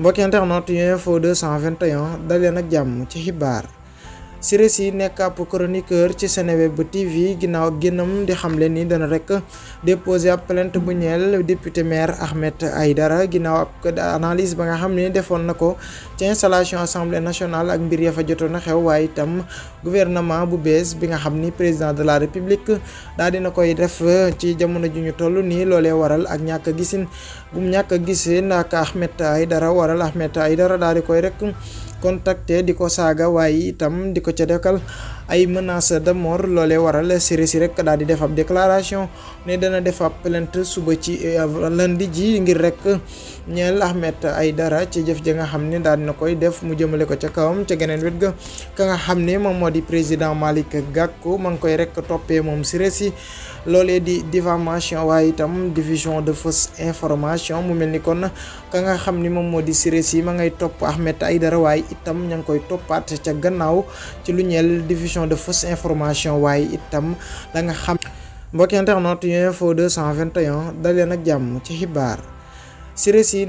mbokki internet yi info 221 dal leen ak jàmm ci xibaar Siré Sy nekk ab chroniqueur ci Seneweb TV ginnaaw ak génnam di xamle ni dana rek déposé ab plainte bu ñeel député maire Ahmed dara ginnaaw ab analyse ba nga xam ne defoon na ko ci installation assemblée nationale ak mbir ya fa jotoon na xew waaye itam gouvernement bu bees bi nga xam ni président de la république daal dina koy def ci jamono ju ñu toll nii loole waral ak ñàkk a gisin gum ñàkk a gisin ak Ahmed Aïdara waral Ahmed dara daal di koy rek contacté ko ca dekal ay menaces de mort loolee waral Serigne si rek daal di def déclaration ne dana def ab plainte suba ci euh, lundi ji ngir rek ñeel Ahmed dara ci jëf ja nga xam ne daal dina koy def mu jëmale ko ca kawam ca geneen wet ga ka nga xam ne moom moo di président Malick Gakou ma ngi koy rek toppee moom Serigne si loolee di diffamation waaye itam diffusion de fausse information mu mel ni kon ka nga xam ni moom moo di Serigne si ma ngay topp Ahmed Aidara waaye itam ña ngi koy toppaat ca gannaaw ci lu ñeel diffusion de fausse information waaye itam da nga xam mbokki internet Infos 221 daleen ak jàmm ci xibaar Siré Sy